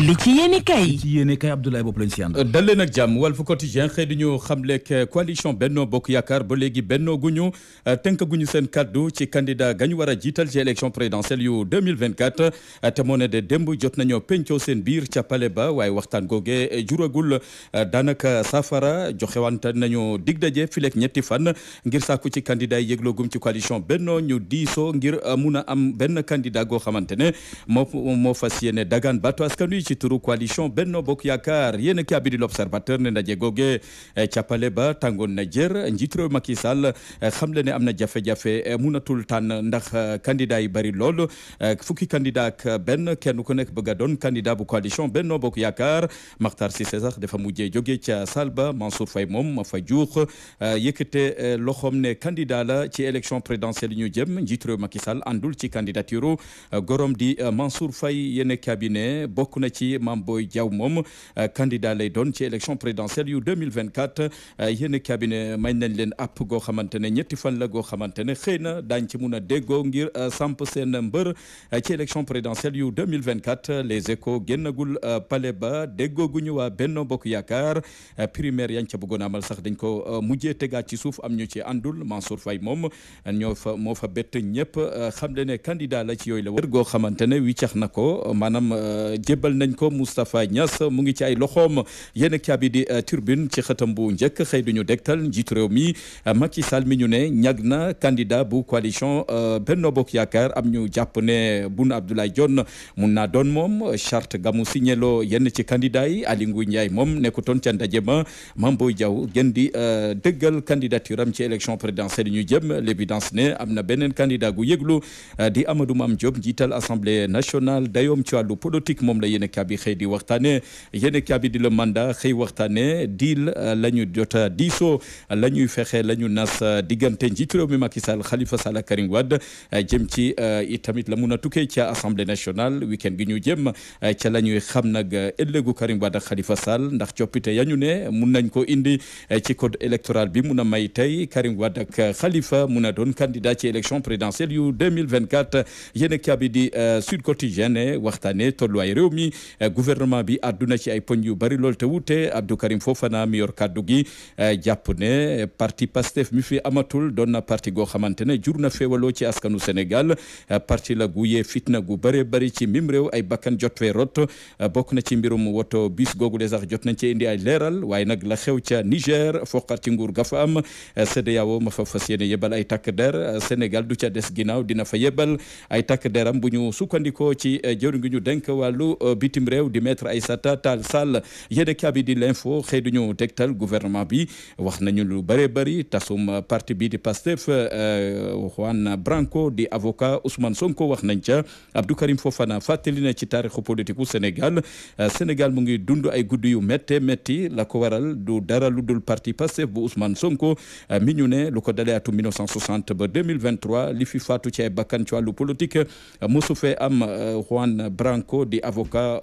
li ci yéene kay li ci yéene kay Abdoulaye Bopp lañ si ànd euh, dal leen ak jàmm Walf Quotidien xëy di ñu xamleeg Benno Bokk Yaakaar ba léegi bennoo guñu tënk guñu seen kaddu ci candidat gañu war a jiital ci élection présidentielle yu 2024 euh, te moo ne de démb jot nañoo pencoo seen biir ca ba waaye waxtaan googe euh, juragul daanaka safara joxewante nañu dig daje fileeg ñetti fan ngir sàkku ci candidat yi yëgloogum ci coalition Benno ñu diisoo ngir mun am benn candidat goo xamante ne moo moo ci turu coalition Benno Bokk Yaakaar yéen a kaabi di l'observateur ne ndaje googe eh, càppale ba tàngoon na jër njiit réew Macky Sall eh, xam le ne am na jafe-jafe eh, munatul tànn ndax candidat yi bari lool fukki candidat ak benn kenn ku nekk bëgg a doon candidat bu coalition Benno Bokk Yaakaar Makhtar si sax dafa mujjee joge ca Salba Mansour Faye moom ma fa juux yëkkate loxoom ne candidat la ci élection présidentielle yi ñu jëm njiit réew Sall àndul ci candidature gorom di Mansour Faye yéen cabinet ci Mame Boye Diaw moom euh, candidat lay doon ci élection présidentielle yu 2024 euh, cabinet may nañ leen app goo xamante ne ñetti fan la goo xamante ne xëy na daañ ci mun a déggoo ngir euh, samp seen mbër ci élection présidentielle yu 2024 les échos génnagul palais ba déggooguñu waa Benno Bokk Yaakaar primaire yañ ca bëggoon amal sax dañ ko mujjee tegaat ci suuf am ñu ci àndul Mansour Faye moom ñoo fa moo fa bett ñëpp xam le ne candidat la ci yooyu la wër goo xamante na ko maanaam nañ ko Moustapha Niass mu ngi ci ay loxoom yéen kaabi di eh, turbine ci xëtam bu njëkk xëy du ñu dégtal njiitu réew mi eh, Macky Sall mi ñu ne ñag na candidat bu coalition eh, Benno Bokk Yaakaar am ñu jàpp ne Boun Abdallah Dionne mun naa doon moom charte gamu signelo yenn ci candidat yi Aly Ngouille Ndiaye moom nekkutoon ca ndaje ma Mame Boye Diao gën di dëggal candidature am ci élection présidentielle ñu jëm l'évidence ne am na beneen candidat gu yëglu di Amadou Mame Diop njiital assemblée nationale dayoom ci wàllu politique moom la yéen yéenekaay bi xëy di waxtaane yéenekaay bi di le mandat xëy waxtaane diil euh, la ñu jota diisoo la ñuy fexe la ñu nas euh, diggante njiitu réew mi Macky Sall Khalifa Sall ak Karim Wade euh, jëm ci itamit la mun a tukkee ca assemblée nationale week-end gi ñu jëm ca la ñuy xam nag ëllëgu Karim Wade ak Khalifa Sall ndax coppite ya ñu ne mun nañ ko indi ci code électoral bi mun a may tey Karim Wade ak Khalifa mun a doon candidat ci élection présidentielle yu 2024 yéenekaay bi di Sud Quotidien waxtaane tolluwaay réew mi Eh, gouvernement bi adduna ci ay poñ yu bari lool te wuute Abdou Karim Fofana mi yor kaddu gi eh, jàpp ne parti Pastef mi fi amatul doon na parti goo xamante ne jur na féewaloo ci askanu Sénégal eh, parti la gu yee fitna gu bëree bëri ci mim réew ay bakkan jot fee rot bokk na ci mbirum woto bis googu de sax jot nañ ci indi ay leeral waaye nag la xew ca Niger foqar ci nguur ga fa am CEDEAO ma fa fas yéene yebal ay takk der Sénégal du ca des ginnaaw dina fa yebal ay takk deram bu ñu sukkandikoo ci jëwriñ gi ñu bitim réew di maître Aïssata Tall Sall yéenekaay bi di l'info xëy duñu tegtal gouvernement bi wax nañu lu bëree bëri tasum parti bi di Pastef euh, Juan Branco di avocat Ousmane Sonko wax nañ ca Abdou Karim Fofana fàttali na ci taarixu politique u Sénégal euh, Sénégal mu ngi dund ay guddi yu métte métti la ko waral du dara lu dul parti Pastef bu Ousmane Sonko euh, mi ñu ne lu ko dalee atum 1960 ba 2023 li fi faatu ci ay bakkan ci wàllu politique mosu fee am Juan Branco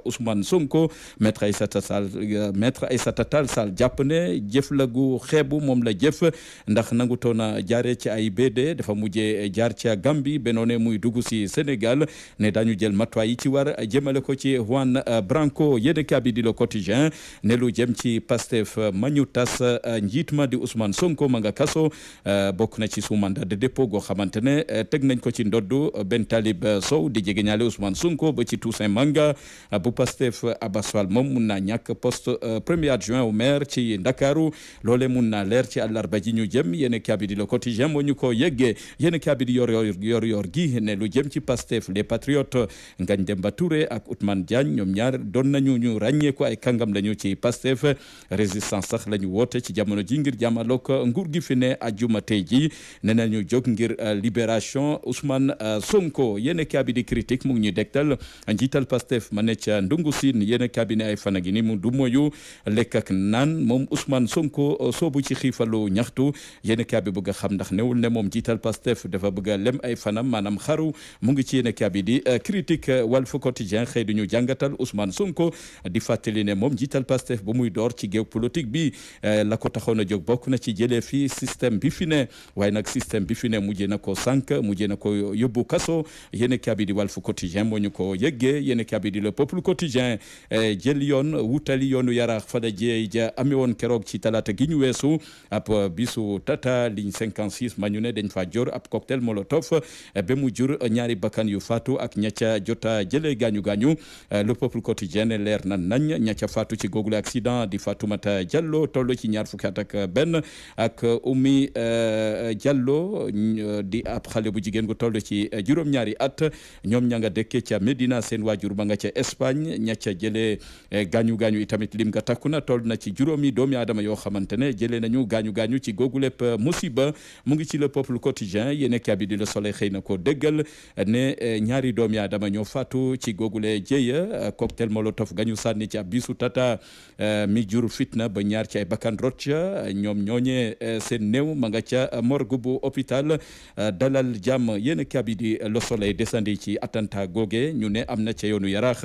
Ousmane Sonko maître Aïssata Sall maître Aïssata Tall Sall jàpp ne jëf la xeebu moom la jëf ndax nangu toon a ci ay BD dafa mujje jaar ci Gambie benoone muy dugg si Sénégal ne dañu jël matuwaay yi ci war jëmale ko ci Juan Branco yéene kaabi di Le Quotidien ne lu jëm ci Pastef mañu tas njiit ma di Ousmane Sonko ma nga bokk na ci su mandat de dépôt goo xamante ne teg nañ ko ci ndoddu Ben Talib Sow di jege ñaale Ousmane Sonko ba ci Toussaint Manga bu Pastef Abass Fall moom mun naa ñàkk poste euh, premier adjoint au maire ci Ndakaaru loole mun naa leer ci àllarba ji ñu jëm yéen kabidi le quotidien moo ñu ko yeggee yéen kabidi yor yor yor gi ne lu jëm ci Pastef les patriotes Ngagne Demba Touré ak Ousmane Diagne ñoom ñaar doon nañu ñu ràññee ko ay kàngam lañu ci Pastef résistance sax lañu woote ci jamono ji ngir jàmmaloog nguur gi fi ne ajuma tey ji ne na ñu jóg ngir euh, libération Ousmane euh, Sonko yéen kabidi critique mu ñu ñuy ca Ndungu Siin yéen ay fan ak ni mu du moyu lekk naan moom Ousmane Sonko euh, soobu ci xiifalu ñaxtu yéen a cabinet a xam ndax newul ne moom jiital Pastef defa bëgg a lem ay fanam maanaam xaru mu ngi ci yéen a cabinet di euh, critique euh, wal Quotidien xëy du ñu jàngatal Ousmane Sonko di fàttali ne moom jiital Pastef bu muy door ci géew politique bi la ko taxoon a bokk na ci jëlee fi système bi fi ne waaye nag système bi fi ne mujjee na ko sànq mujjee na ko yóbbu kaso yéen a cabinet le quotidien eh, jël yoon wutali yoonu yaraax fada da jeey ja ami woon keroog ci talaata gi ñu weesu ab eh, bisu tata ligne 56 ma ñu ne dañ fa jor ab cocktail molotov eh, be mu jur ñaari bakkan yu faatu ak ñaca jota jële gaañu gaañu le peuple quotidien leer na nañ ñaca faatu ci googule accident di Fatoumata Diallo toll ci ñaar fukki at ak benn ak Oumy Diallo di ap xale bu jigéen gu toll ci juróom-ñaari at ñoom ña dekke dëkke ca Medina seen waajur ma nga ca Espagne Espagne ña ca jëlee e, gaañu gaañu itamit lim ga takku na toll na ci juróomi doomi aadama yoo xamante ne jëlee nañu gaañu gaañu ci googu lépp e, musiba mu ngi ci le peuple quotidien yéen a bi di le xëy na ko déggal ne e, ñaari doomi aadama ñoo faatu ci googule jéeya cocktail molotov gañu sànni ci ab bisu tata mi jur fitna ba ñaar ci ay bakkan rocc ñoom ñooñe seen néew ma nga ca morgue bu hôpital dalal jàmm yéen a bi di le soleil descendi ci attentat googe ñu ne am na ca yoonu yaraax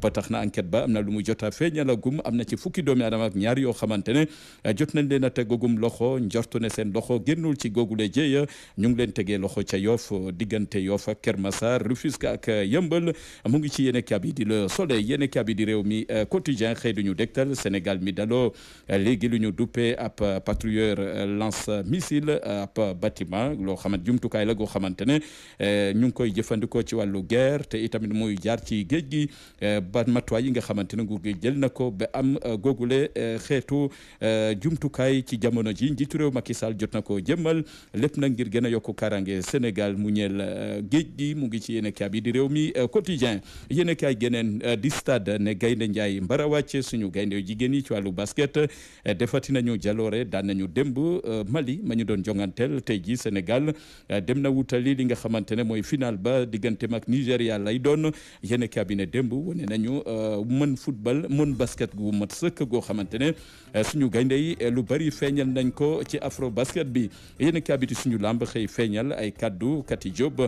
ba tax na enquête ba am na lu mu jot a feeñalagum am na ci fukki doomi aadama ak ñaar yoo xamante ne eh, jot nañ leen a tegagum loxo njortu ne seen loxo génnul ci googule jéeya ñu ngi leen tegee loxo ca Yoff diggante Yoff ak Keur Massar Rufisque ak eh, Yëmbal mu ngi ci yenn kabi di Le Soleil yéene kabi di réew mi eh, quotidien xëy duñu dektal Sénégal mi daloo léegi lu ñu duppe ab patrouilleur lance missile ab bâtiment loo xamante jumtukaay la goo xamante ne ñu ngi koy jëfandikoo ci wàllu guerre te itamit muy jaar ci géej gi ba matuwaay yi nga xamante ne nguur gi jël na ko ba am euh, googule euh, xeetu euh, jumtukaay ci jamono ji njiitu réew Macky Sall jot na ko jëmmal lépp na ngir gën a karange kaaraange Sénégal mu ñeel géej gi mu ngi ci yéen kaay bi di réew mi quotidien yéen kaay geneen di stade ne gaynde Njaay mbara wàcce suñu gaynde jigéen yi ci wàllu basket defati nañu jaloore daan nañu démb Mali ma ñu doon jongantel tey ji Sénégal dem na wutali li nga xamante ne mooy final ba diggante mag Nigéria lay doon yéen kaay bi wone nañu euh, mën football mën basket gu mat sëkk goo xamante ne euh, suñu gaynde yi euh, lu bari feeñal nañ ko ci afro basket bi yéen kabiti suñu làmb xëy feeñal ay kaddu Kati Diop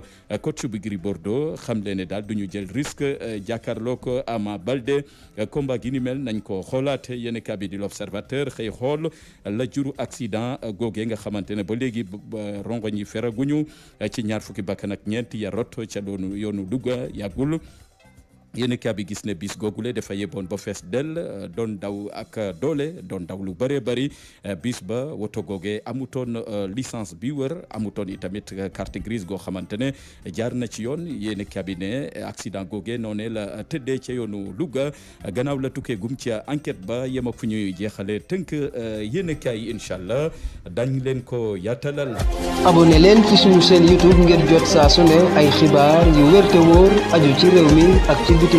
coach bu Gris Bordeaux xam leen ne daal duñu ñu jël risque jàkkaarloog Ama Balde combat gi ni mel nañ ko xoolaat yéen kabiti l'observateur xëy xool la juru accident googee nga xamante ne ba léegi rongoñ yi feraguñu ci ñaar fukki bakkan ak ñeent ya rot ca loonu yoonu Louga yàggul yéen a bi gis ne biis googule defa yeboon ba fees dell doon daw ak doole doon daw lu bëree bëri biis ba woto googee amutoon euh, licence bi wër amutoon itamit carte grise goo xamante ne jaar na ci yoon yéen a bi ne accident googee noonee la tëddee ca yoonu Louga gannaaw la tukkee gum ci enquête ba yema fu ñuy jeexalee tënk euh, yéen a kaay incha allah dañ leen ko yaatalal. abonné ci suñu seen ngir jot saa ne ay xibaar yu wér te aju ci réew mi ak ci